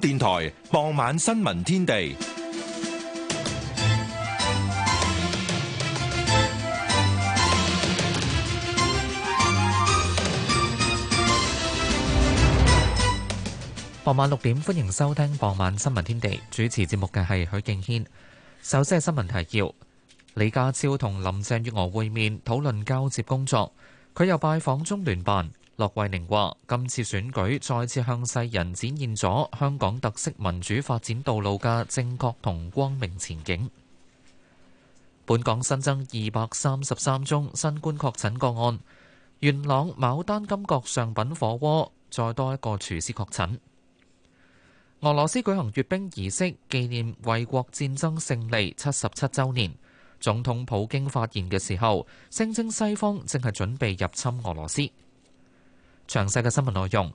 電台傍晚新聞天地。傍晚六點，歡迎收聽傍晚新聞天地。主持節目嘅係許敬軒。首先係新聞提要：李家超同林鄭月娥會面，討論交接工作。佢又拜訪中聯辦。駱慧寧話：今次選舉再次向世人展現咗香港特色民主發展道路嘅正確同光明前景。本港新增二百三十三宗新冠確診個案。元朗牡丹金角上品火鍋再多一個廚師確診。俄羅斯舉行閱兵儀式，紀念衛國戰爭勝利七十七周年。總統普京發言嘅時候聲稱，聲稱西方正係準備入侵俄羅斯。詳細嘅新聞內容，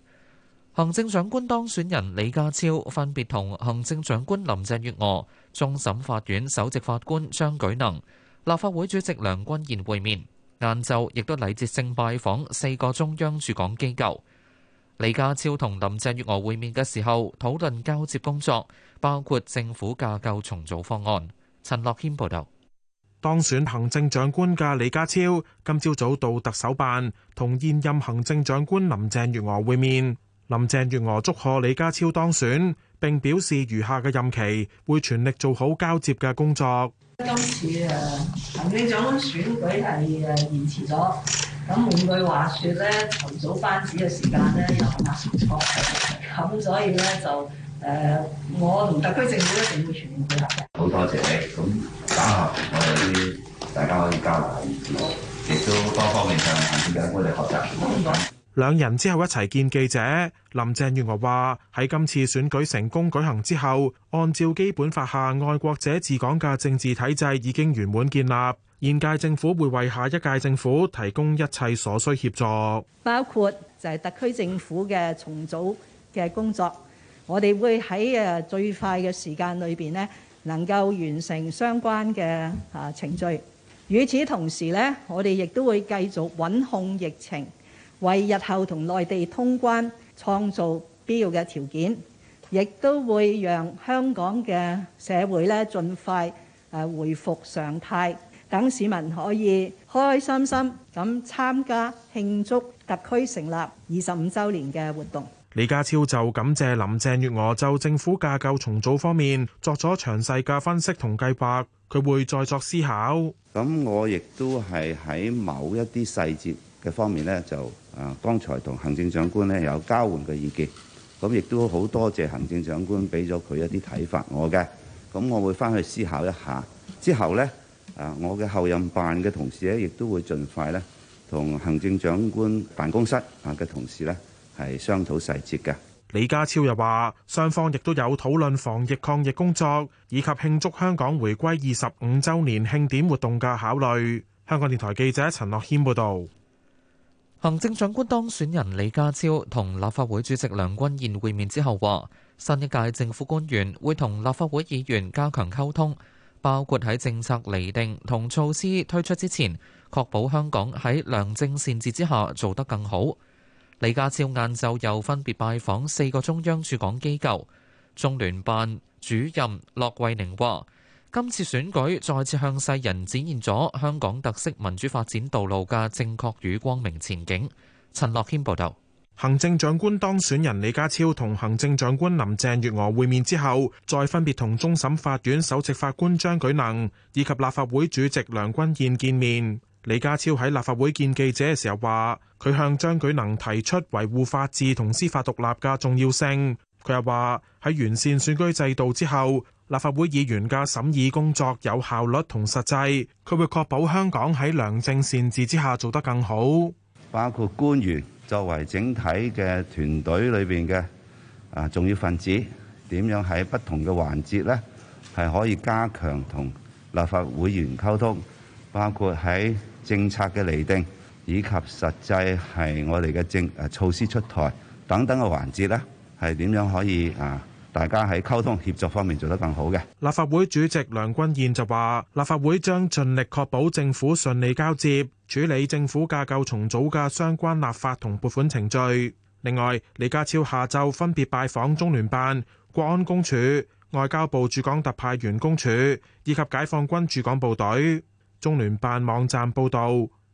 行政長官當選人李家超分別同行政長官林鄭月娥、終審法院首席法官張舉能、立法會主席梁君彥會面。晏晝亦都禮節性拜訪四個中央駐港機構。李家超同林鄭月娥會面嘅時候，討論交接工作，包括政府架構重組方案。陳樂謙報道。當選行政長官嘅李家超今朝早到特首辦同現任行政長官林鄭月娥會面，林鄭月娥祝賀李家超當選，並表示餘下嘅任期會全力做好交接嘅工作。今次啊，行政長官選舉係誒延遲咗，咁換句話說咧，重組班子嘅時間咧又難咗，咁所以咧就誒，我同特區政府一定會全力配合嘅。多謝你咁，等下我哋啲大家可以交流，亦都多方面向我哋學習。兩人之後一齊見記者，林鄭月娥話：喺今次選舉成功舉行之後，按照基本法下愛國者治港嘅政治體制已經圓滿建立，現屆政府會為下一屆政府提供一切所需協助，包括就係特區政府嘅重組嘅工作。我哋會喺誒最快嘅時間裏邊呢。能夠完成相關嘅啊程序，與此同時咧，我哋亦都會繼續穩控疫情，為日後同內地通關創造必要嘅條件，亦都會讓香港嘅社會咧盡快誒回復常態，等市民可以開開心心咁參加慶祝特區成立二十五週年嘅活動。李家超就感謝林鄭月娥就政府架構重組方面作咗詳細嘅分析同計劃，佢會再作思考。咁我亦都係喺某一啲細節嘅方面呢，就啊剛才同行政長官呢有交換嘅意見，咁亦都好多謝行政長官俾咗佢一啲睇法我嘅，咁我會翻去思考一下。之後呢，啊，我嘅後任辦嘅同事呢，亦都會盡快呢，同行政長官辦公室啊嘅同事呢，係商討細節噶。李家超又話，雙方亦都有討論防疫抗疫工作，以及慶祝香港回歸二十五周年慶典活動嘅考慮。香港電台記者陳樂謙報道。行政長官當選人李家超同立法會主席梁君彥會面之後話，新一屆政府官員會同立法會議員加強溝通，包括喺政策釐定同措施推出之前，確保香港喺良政善治之下做得更好。李家超晏晝又分別拜訪四個中央駐港機構，中聯辦主任駱惠寧話：今次選舉再次向世人展現咗香港特色民主發展道路嘅正確與光明前景。陳樂軒報導。行政長官當選人李家超同行政長官林鄭月娥會面之後，再分別同終審法院首席法官張舉能以及立法會主席梁君彥見面。李家超喺立法會見記者嘅時候話，佢向張舉能提出維護法治同司法獨立嘅重要性。佢又話喺完善選舉制度之後，立法會議員嘅審議工作有效率同實際。佢會確保香港喺良政善治之下做得更好。包括官員作為整體嘅團隊裏邊嘅啊重要分子，點樣喺不同嘅環節呢？係可以加強同立法會議員溝通。包括喺政策嘅釐定，以及實際係我哋嘅政誒措施出台等等嘅環節咧，係點樣可以啊？大家喺溝通協作方面做得更好嘅。立法會主席梁君彥就話立法會將盡力確保政府順利交接，處理政府架構重組嘅相關立法同撥款程序。另外，李家超下晝分別拜訪中聯辦、國安公署、外交部駐港特派員公署以及解放軍駐港部隊。中聯辦網站報道，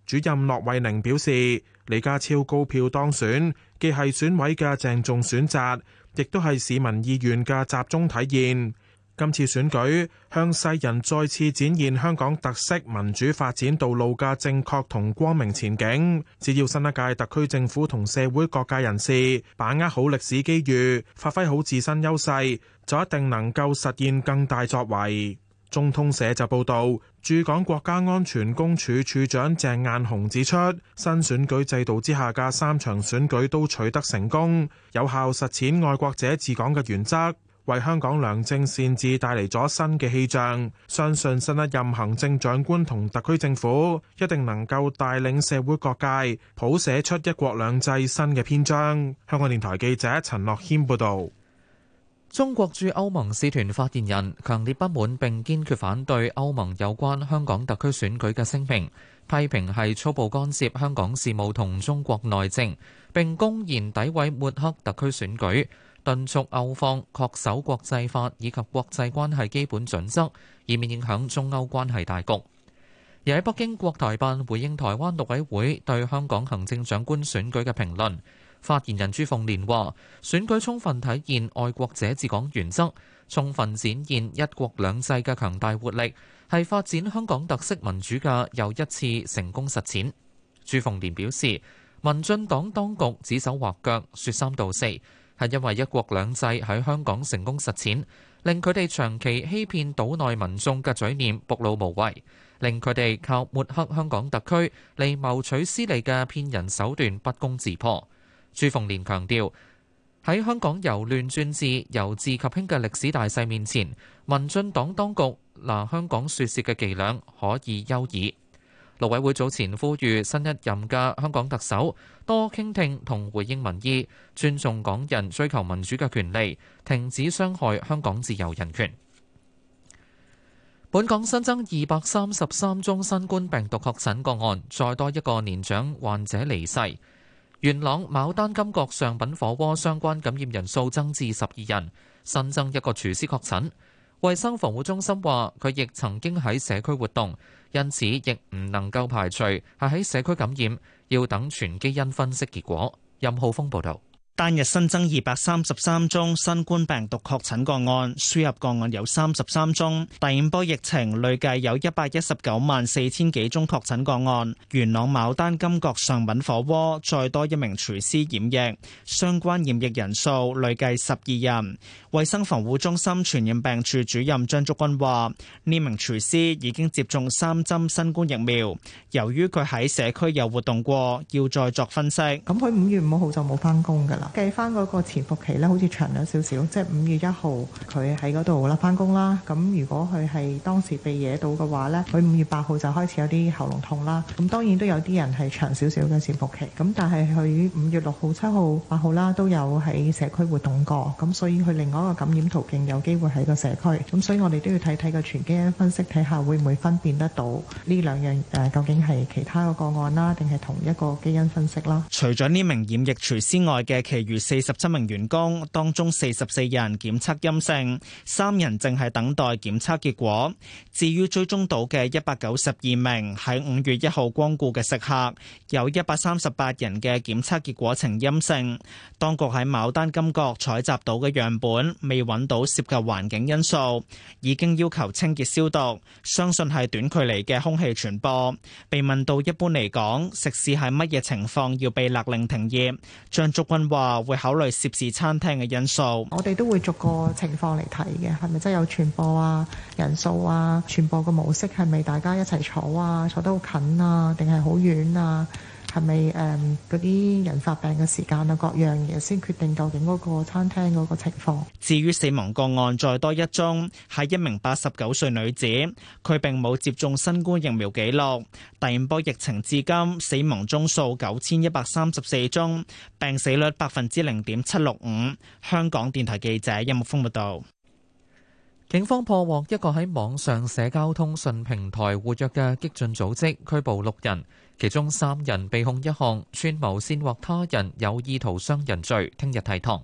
主任駱惠寧表示，李家超高票當選，既係選委嘅鄭重選擇，亦都係市民意願嘅集中體現。今次選舉，向世人再次展現香港特色民主發展道路嘅正確同光明前景。只要新一屆特區政府同社會各界人士把握好歷史機遇，發揮好自身優勢，就一定能夠實現更大作為。中通社就報道。駐港國家安全公署署長鄭雁雄指出，新選舉制度之下嘅三場選舉都取得成功，有效實踐愛國者治港嘅原則，為香港良政善治帶嚟咗新嘅氣象。相信新一任行政長官同特區政府一定能夠帶領社會各界，譜寫出一國兩制新嘅篇章。香港電台記者陳樂謙報道。中國駐歐盟使團發言人強烈不滿並堅決反對歐盟有關香港特區選舉嘅聲明，批評係粗暴干涉香港事務同中國內政，並公然詆毀抹黑特區選舉，敦促歐方恪守國際法以及國際關係基本準則，以免影響中歐關係大局。而喺北京國台辦回應台灣陸委會對香港行政長官選舉嘅評論。發言人朱鳳蓮話：選舉充分體現愛國者治港原則，充分展現一國兩制嘅強大活力，係發展香港特色民主嘅又一次成功實踐。朱鳳蓮表示，民進黨當局指手畫腳、説三道四，係因為一國兩制喺香港成功實踐，令佢哋長期欺騙島內民眾嘅嘴臉暴露無遺，令佢哋靠抹黑香港特區嚟謀取私利嘅騙人手段不攻自破。朱鳳蓮強調，喺香港由亂轉治、由治及興嘅歷史大勢面前，民進黨當局拿香港説事嘅伎倆可以休矣。立委會早前呼籲新一任嘅香港特首多傾聽同回應民意，尊重港人追求民主嘅權利，停止傷害香港自由人權。本港新增二百三十三宗新冠病毒確診個案，再多一個年長患者離世。元朗牡丹金閣上品火鍋相關感染人數增至十二人，新增一個廚師確診。衛生防護中心話，佢亦曾經喺社區活動，因此亦唔能夠排除係喺社區感染，要等全基因分析結果。任浩峰報導。單日新增二百三十三宗新冠病毒確診個案，輸入個案有三十三宗。第五波疫情累計有一百一十九萬四千幾宗確診個案。元朗牡丹金閣上品火鍋再多一名廚師染疫，相關染疫人數累計十二人。衛生防護中心傳染病處主任張竹君話：呢名廚師已經接種三針新冠疫苗，由於佢喺社區有活動過，要再作分析。咁佢五月五號就冇翻工噶啦，計翻嗰個潛伏期咧，好似長咗少少，即係五月一號佢喺嗰度啦翻工啦。咁如果佢係當時被惹到嘅話咧，佢五月八號就開始有啲喉嚨痛啦。咁當然有都有啲人係長少少嘅潛伏期，咁但係佢五月六號、七號、八號啦都有喺社區活動過，咁所以佢另外個感染途徑有機會喺個社區咁，所以我哋都要睇睇個全基因分析，睇下會唔會分辨得到呢兩樣誒、呃，究竟係其他嘅個案啦，定係同一個基因分析啦？除咗呢名染疫廚師外嘅，其餘四十七名員工當中四十四人檢測陰性，三人正係等待檢測結果。至於追蹤到嘅一百九十二名喺五月一號光顧嘅食客，有一百三十八人嘅檢測結果呈陰性。當局喺牡丹金閣採集到嘅樣本。未揾到涉及環境因素，已經要求清潔消毒，相信係短距離嘅空氣傳播。被問到一般嚟講，食肆係乜嘢情況要被勒令停業，張竹君話會考慮涉事餐廳嘅因素。我哋都會逐個情況嚟睇嘅，係咪真係有傳播啊？人數啊，傳播嘅模式係咪大家一齊坐啊？坐得好近啊，定係好遠啊？係咪，誒，嗰啲人發病嘅時間啊？各樣嘢先決定究竟嗰個餐廳嗰個情況。至於死亡個案再多一宗，係一名八十九歲女子，佢並冇接種新冠疫苗記錄。第五波疫情至今死亡宗數九千一百三十四宗，病死率百分之零點七六五。香港電台記者任木峰報道。警方破獲一個喺網上社交通訊平台活躍嘅激進組織，拘捕六人。其中三人被控一項串謀煽惑他人有意圖傷人罪，聽日提堂。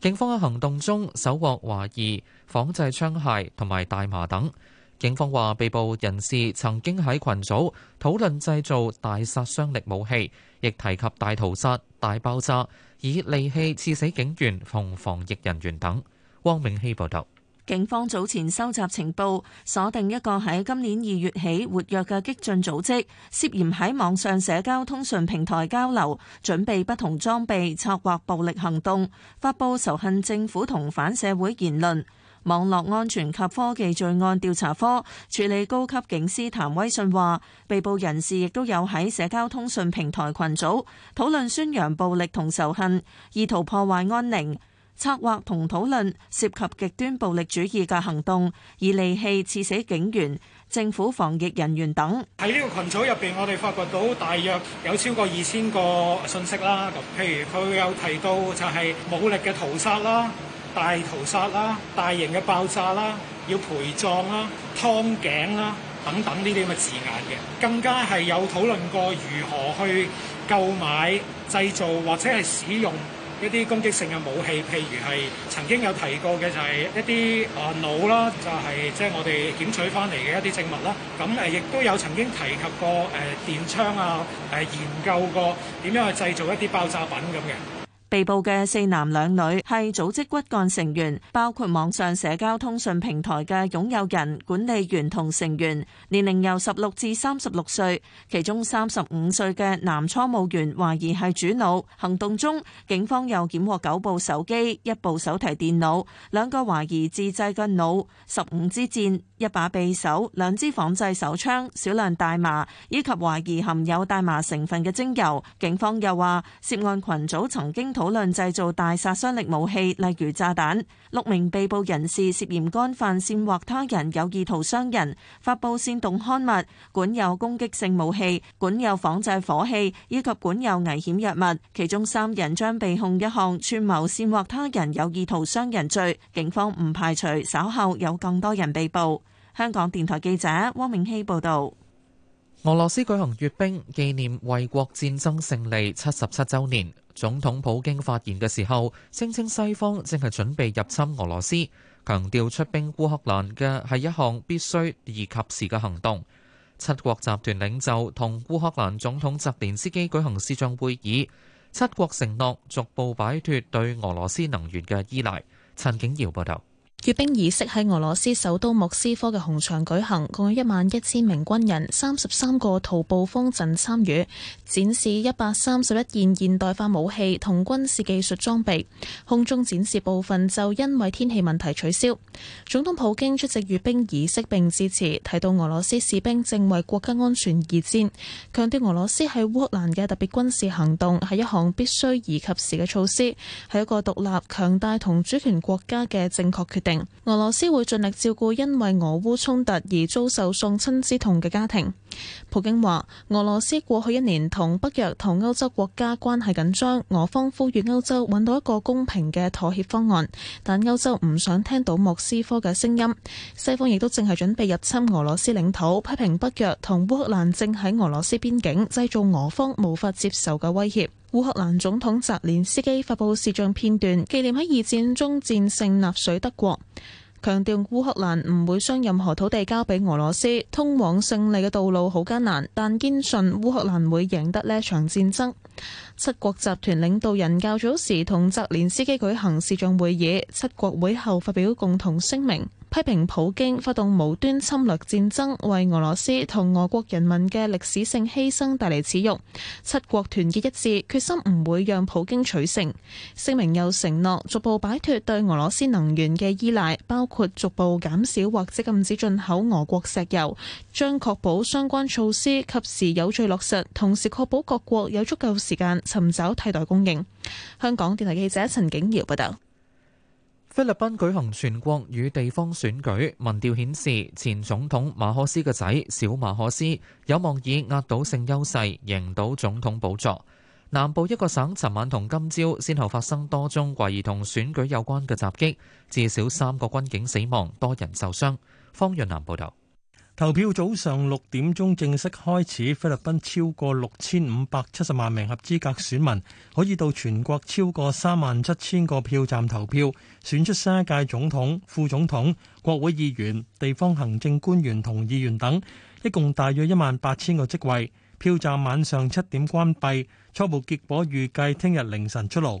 警方喺行動中搜獲懷疑仿製槍械同埋大麻等。警方話被捕人士曾經喺群組討論製造大殺傷力武器，亦提及大屠殺、大爆炸，以利器刺死警員同防疫人員等。汪永熙報道。警方早前收集情報，鎖定一個喺今年二月起活躍嘅激進組織，涉嫌喺網上社交通訊平台交流，準備不同裝備，策劃暴力行動，發佈仇恨政府同反社會言論。網絡安全及科技罪案調查科處理高級警司譚威信話，被捕人士亦都有喺社交通訊平台群組討論宣揚暴力同仇恨，意圖破壞安寧。策劃同討論涉及極端暴力主義嘅行動，而利器刺死警員、政府防疫人員等。喺呢個群組入邊，我哋發覺到大約有超過二千個信息啦。咁，譬如佢有提到就係武力嘅屠殺啦、大屠殺啦、大型嘅爆炸啦、要陪葬啦、劏頸啦等等呢啲咁嘅字眼嘅，更加係有討論過如何去購買、製造或者係使用。一啲攻擊性嘅武器，譬如係曾經有提過嘅、啊，就係一啲啊腦啦，就係即係我哋檢取返嚟嘅一啲證物啦。咁誒，亦都有曾經提及過誒、呃、電槍啊，誒、呃、研究過點樣去製造一啲爆炸品咁嘅。被捕嘅四男兩女係組織骨幹成員，包括網上社交通訊平台嘅擁有人、管理員同成員，年齡由十六至三十六歲，其中三十五歲嘅男倉務員懷疑係主腦。行動中，警方又檢獲九部手機、一部手提電腦、兩個懷疑自製嘅弩、十五支箭。一把匕首、兩支仿製手槍、少量大麻，以及懷疑含有大麻成分嘅精油。警方又話，涉案群組曾經討論製造大殺傷力武器，例如炸彈。六名被捕人士涉嫌干犯煽惑他人有意圖傷人、發布煽動刊物、管有攻擊性武器、管有仿製火器以及管有危險藥物，其中三人將被控一項串謀煽惑他人有意圖傷人罪。警方唔排除稍後有更多人被捕。香港電台記者汪明熙報道：俄羅斯舉行閱兵，紀念衛國戰爭勝利七十七周年。總統普京發言嘅時候，聲稱西方正係準備入侵俄羅斯，強調出兵烏克蘭嘅係一項必須而及時嘅行動。七國集團領袖同烏克蘭總統澤連斯基舉行視像會議，七國承諾逐步擺脫對俄羅斯能源嘅依賴。陳景瑤報道。閱兵儀式喺俄羅斯首都莫斯科嘅紅場舉行，共有一萬一千名軍人、三十三個徒步方陣參與，展示一百三十一件現代化武器同軍事技術裝備。空中展示部分就因為天氣問題取消。總統普京出席閱兵儀式並致辭，提到俄羅斯士兵正為國家安全而戰，強調俄羅斯喺烏克蘭嘅特別軍事行動係一項必須而及時嘅措施，係一個獨立、強大同主權國家嘅正確決定。俄羅斯會盡力照顧因為俄烏衝突而遭受喪親之痛嘅家庭。普京話：俄羅斯過去一年同北約同歐洲國家關係緊張，俄方呼籲歐洲揾到一個公平嘅妥協方案，但歐洲唔想聽到莫斯科嘅聲音。西方亦都正係準備入侵俄羅斯領土，批評北約同烏克蘭正喺俄羅斯邊境製造俄方無法接受嘅威脅。烏克蘭總統澤連斯基發佈視像片段，紀念喺二戰中戰勝納粹德國，強調烏克蘭唔會將任何土地交俾俄羅斯。通往勝利嘅道路好艱難，但堅信烏克蘭會贏得呢一場戰爭。七國集團領導人較早時同澤連斯基舉行視像會議，七國會後發表共同聲明。批評普京發動無端侵略戰爭，為俄羅斯同俄國人民嘅歷史性犧牲帶嚟恥辱。七國團結一致，決心唔會讓普京取勝。聲明又承諾逐步擺脫對俄羅斯能源嘅依賴，包括逐步減少或者禁止進口俄國石油，將確保相關措施及時有序落實，同時確保各國有足夠時間尋找替代供應。香港電台記者陳景瑤報道。菲律賓舉行全國與地方選舉，民調顯示前總統馬可斯嘅仔小馬可斯有望以壓倒性優勢贏到總統寶座。南部一個省尋晚同今朝先後發生多宗懷疑同選舉有關嘅襲擊，至少三個軍警死亡，多人受傷。方潤南報導。投票早上六點鐘正式開始，菲律賓超過六千五百七十萬名合資格選民可以到全國超過三萬七千個票站投票，選出新一屆總統、副總統、國會議員、地方行政官員同議員等，一共大約一萬八千個職位。票站晚上七點關閉，初步結果預計聽日凌晨出爐。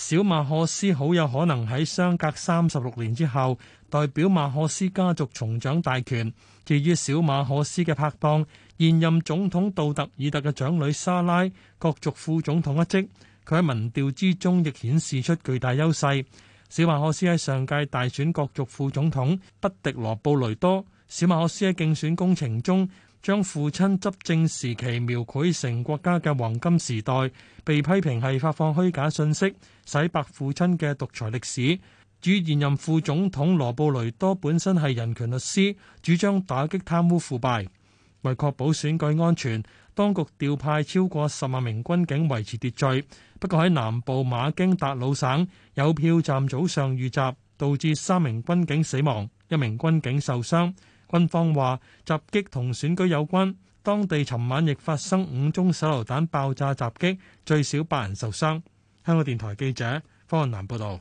小馬可斯好有可能喺相隔三十六年之後代表馬可斯家族重掌大權，至於小馬可斯嘅拍檔，現任總統杜特爾特嘅長女莎拉角逐副總統一職。佢喺民調之中亦顯示出巨大優勢。小馬可斯喺上屆大選角逐副總統，不敵羅布雷多。小馬可斯喺競選工程中，將父親執政時期描繪成國家嘅黃金時代，被批評係發放虛假信息，洗白父親嘅獨裁歷史。至於現任副總統羅布雷多本身係人權律師，主張打擊貪污腐敗。為確保選舉安全，當局調派超過十萬名軍警維持秩序。不過喺南部馬京達魯省，有票站早上遇襲，導致三名軍警死亡，一名軍警受傷。軍方話襲擊同選舉有關，當地尋晚亦發生五宗手榴彈爆炸襲擊，最少八人受傷。香港電台記者方雲南報道。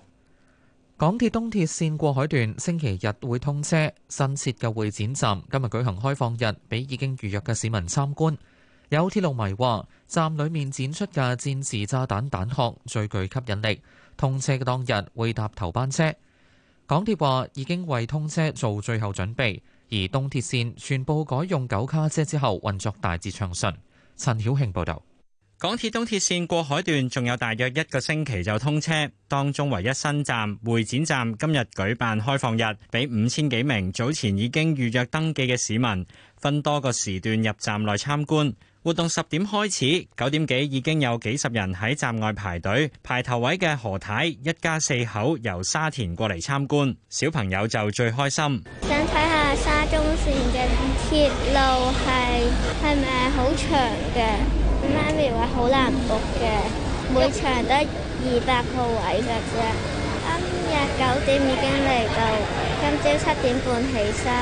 港鐵東鐵線過海段星期日會通車，新設嘅會展站今日舉行開放日，俾已經預約嘅市民參觀。有鐵路迷話站裡面展出嘅戰時炸彈彈殼最具吸引力。通車嘅當日會搭頭班車。港鐵話已經為通車做最後準備。而東鐵線全部改用九卡車之後，運作大致暢順。陳曉慶報導。港鐵東鐵線過海段仲有大約一個星期就通車，當中唯一新站會展站今日舉辦開放日，俾五千幾名早前已經預約登記嘅市民分多個時段入站內參觀。活動十點開始，九點幾已經有幾十人喺站外排隊。排頭位嘅何太一家四口由沙田過嚟參觀，小朋友就最開心。鐵路係係咪好長嘅？媽咪話好難讀嘅，每場得二百個位噶啫。今日九點已經嚟到。今朝七點半起身。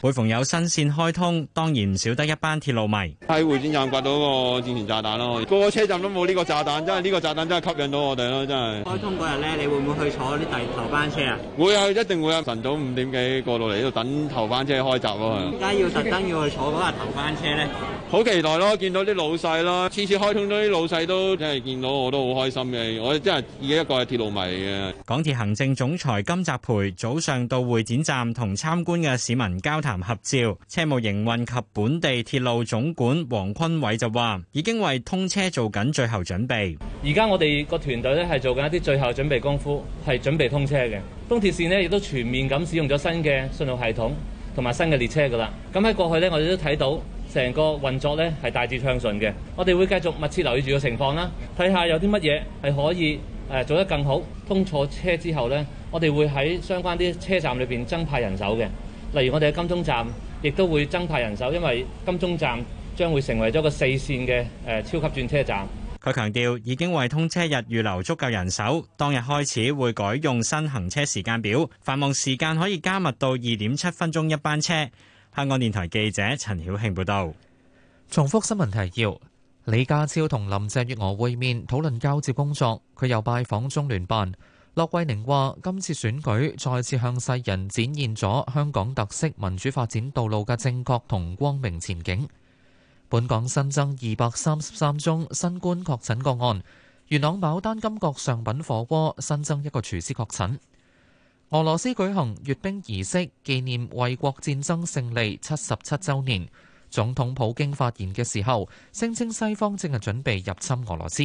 每逢有新線開通，當然唔少得一班鐵路迷。喺會展站掘到個戰前炸彈咯，個個車站都冇呢個炸彈，真係呢個炸彈真係吸引到我哋咯，真係。開通嗰日咧，你會唔會去坐啲頭班車啊？會啊，一定會啊！晨早五點幾過到嚟呢度等頭班車開閘咯。點解要特登要去坐嗰日頭班車咧？好期待咯！見到啲老細啦，次次開通啲老細都真係見到我，我都好開心嘅。我真係依一個係鐵路迷嘅。港鐵行政總裁金澤培早上到會展站同參觀嘅市民交談合照。車務營運及本地鐵路總管黃坤偉就話：已經為通車做緊最後準備。而家我哋個團隊咧，係做緊一啲最後準備功夫，係準備通車嘅。東鐵線呢，亦都全面咁使用咗新嘅信號系統同埋新嘅列車㗎啦。咁喺過去呢，我哋都睇到。成個運作呢係大致暢順嘅，我哋會繼續密切留意住個情況啦，睇下有啲乜嘢係可以誒做得更好。通咗車之後呢，我哋會喺相關啲車站裏邊增派人手嘅，例如我哋喺金鐘站亦都會增派人手，因為金鐘站將會成為咗個四線嘅誒超級轉車站。佢強調已經為通車日預留足夠人手，當日開始會改用新行車時間表，繁忙時間可以加密到二點七分鐘一班車。香港電台記者陳曉慶報道。重複新聞提要：李家超同林鄭月娥會面討論交接工作，佢又拜訪中聯辦。駱惠寧話：今次選舉再次向世人展現咗香港特色民主發展道路嘅正確同光明前景。本港新增二百三十三宗新冠確診個案。元朗牡丹金閣上品火鍋新增一個廚師確診。俄羅斯舉行閱兵儀式，紀念衛國戰爭勝利七十七周年。總統普京發言嘅時候，聲稱西方正係準備入侵俄羅斯。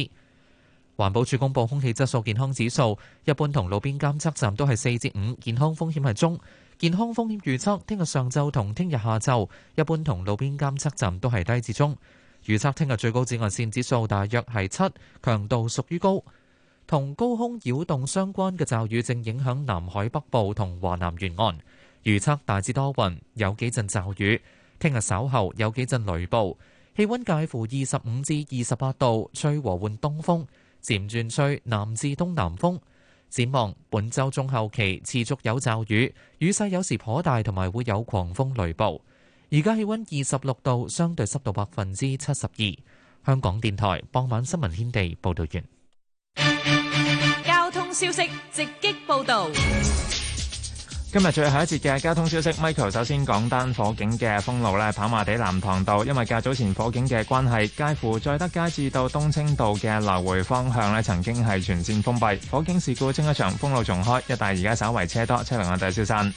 環保署公佈空氣質素健康指數，一般同路邊監測站都係四至五，5，健康風險係中。健康風險預測，聽日上晝同聽日下晝，一般同路邊監測站都係低至中。預測聽日最高紫外線指數大約係七，強度屬於高。同高空擾動相關嘅驟雨正影響南海北部同華南沿岸，預測大致多雲，有幾陣驟雨。聽日稍後有幾陣雷暴，氣溫介乎二十五至二十八度，吹和緩東風，漸轉吹南至東南風。展望本周中後期持續有驟雨，雨勢有時頗大，同埋會有狂風雷暴。而家氣溫二十六度，相對濕度百分之七十二。香港電台傍晚新聞天地報道完。交通消息直擊報道。今日最後一節嘅交通消息，Michael 首先講單火警嘅封路咧，跑馬地南塘道，因為較早前火警嘅關係，介乎再德街至到冬青道嘅來回方向咧，曾經係全線封閉。火警事故清一場，封路重開，一帶而家稍為車多，車量有大消散。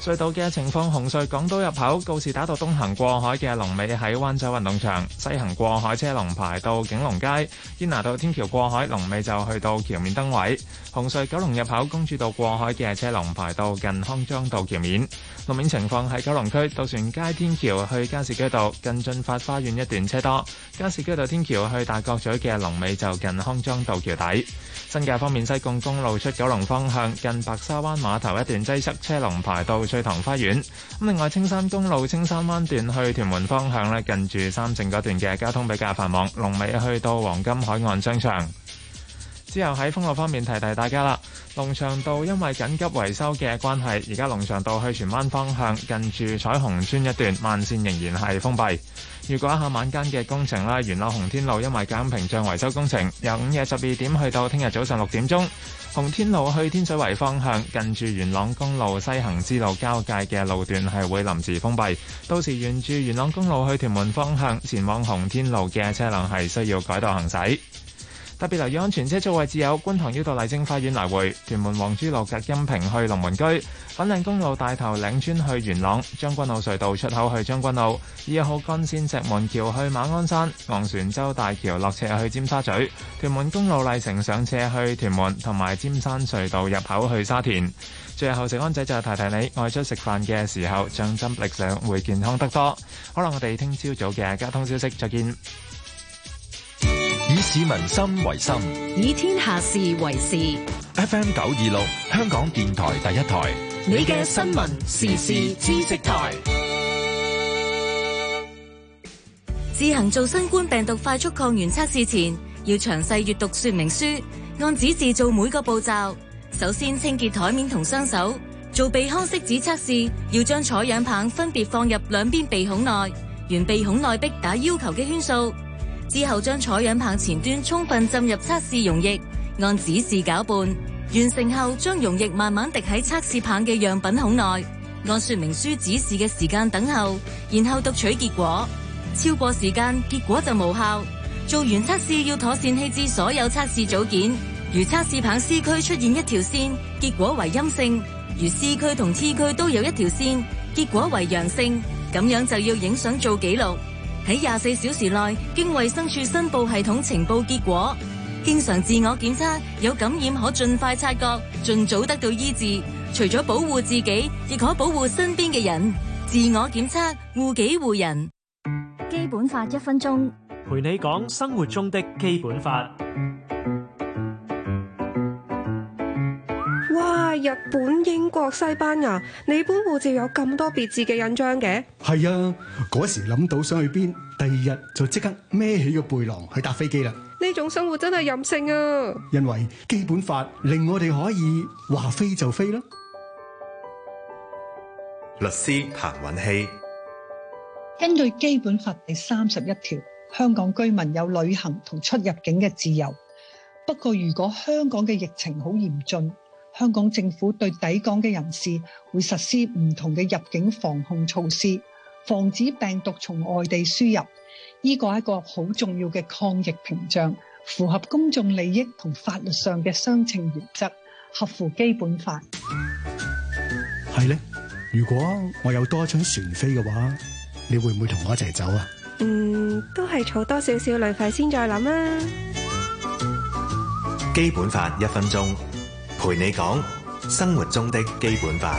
隧道嘅情況，紅隧港島入口告士打道東行過海嘅龍尾喺灣仔運動場，西行過海車龍排到景隆街；堅拿道天橋過海龍尾就去到橋面燈位。紅隧九龍入口公主道過海嘅車龍排到近康莊道橋面。路面情況喺九龍區渡船街天橋去加士居道近駿發花園一段車多，加士居道天橋去大角咀嘅龍尾就近康莊道橋底。新界方面，西貢公路出九龍方向近白沙灣碼頭一段擠塞，S、車龍排到.翠塘花園咁，另外青山公路青山灣段，段去屯門方向咧，近住三聖嗰段嘅交通比較繁忙，龍尾去到黃金海岸商場。之後喺封路方面提提大家啦。龍翔道因為緊急維修嘅關係，而家龍翔道去荃灣方向近住彩虹邨一段慢線仍然係封閉。預告一下晚間嘅工程啦，元朗洪天路因為隔音屏障維修工程，由午夜十二點去到聽日早上六點鐘，洪天路去天水圍方向近住元朗公路西行支路交界嘅路段係會臨時封閉。到時沿住元朗公路去屯門方向前往洪天路嘅車輛係需要改道行駛。特別留意安全車速位置有：觀塘繞道麗晶花園來回、屯門黃珠落街隔音屏去龍門居、粉嶺公路大頭嶺村去元朗、將軍澳隧道出口去將軍澳、二號幹線石門橋去馬鞍山、昂船洲大橋落斜去尖沙咀、屯門公路麗城上斜去屯門同埋尖山隧道入口去沙田。最後食安仔就提提你，外出食飯嘅時候，醬汁力上會健康得多。好啦，我哋聽朝早嘅交通消息，再見。市民心為心，以天下事為事。FM 九二六，香港電台第一台，你嘅新聞時事知識台。自行做新冠病毒快速抗原測試前，要詳細閱讀說明書，按指示做每個步驟。首先清潔台面同雙手。做鼻腔拭子測試，要將採樣棒分別放入兩邊鼻孔內，原鼻孔內壁打要求嘅圈數。之後將採樣棒前端充分浸入測試溶液，按指示攪拌。完成後，將溶液慢慢滴喺測試棒嘅樣品孔內，按說明書指示嘅時間等候，然後讀取結果。超過時間，結果就無效。做完測試要妥善棄置所有測試組件。如測試棒 C 區出現一條線，結果為陰性；如 C 區同 T 區都有一條線，結果為陽性。咁樣就要影相做記錄。喺廿四小時內經衛生署申報系統呈報結果。經常自我檢測有感染可盡快察覺，盡早得到醫治。除咗保護自己，亦可保護身邊嘅人。自我檢測，護己護人。基本法一分鐘，陪你講生活中的基本法。哇！日本、英國、西班牙，你本護照有咁多別緻嘅印章嘅？係啊，嗰時諗到想去邊，第二日就即刻孭起個背囊去搭飛機啦。呢種生活真係任性啊！因為基本法令我哋可以話飛就飛咯。律師彭允希，根據基本法第三十一條，香港居民有旅行同出入境嘅自由。不過，如果香港嘅疫情好嚴峻。香港政府對抵港嘅人士會實施唔同嘅入境防控措施，防止病毒從外地輸入。呢個係一個好重要嘅抗疫屏障，符合公眾利益、同法律上嘅相稱原則，合乎基本法。係呢？如果我有多一張船飛嘅話，你會唔會同我一齊走啊？嗯，都係儲多少少旅費先再諗啦，啊。基本法一分鐘。陪你講生活中的基本法。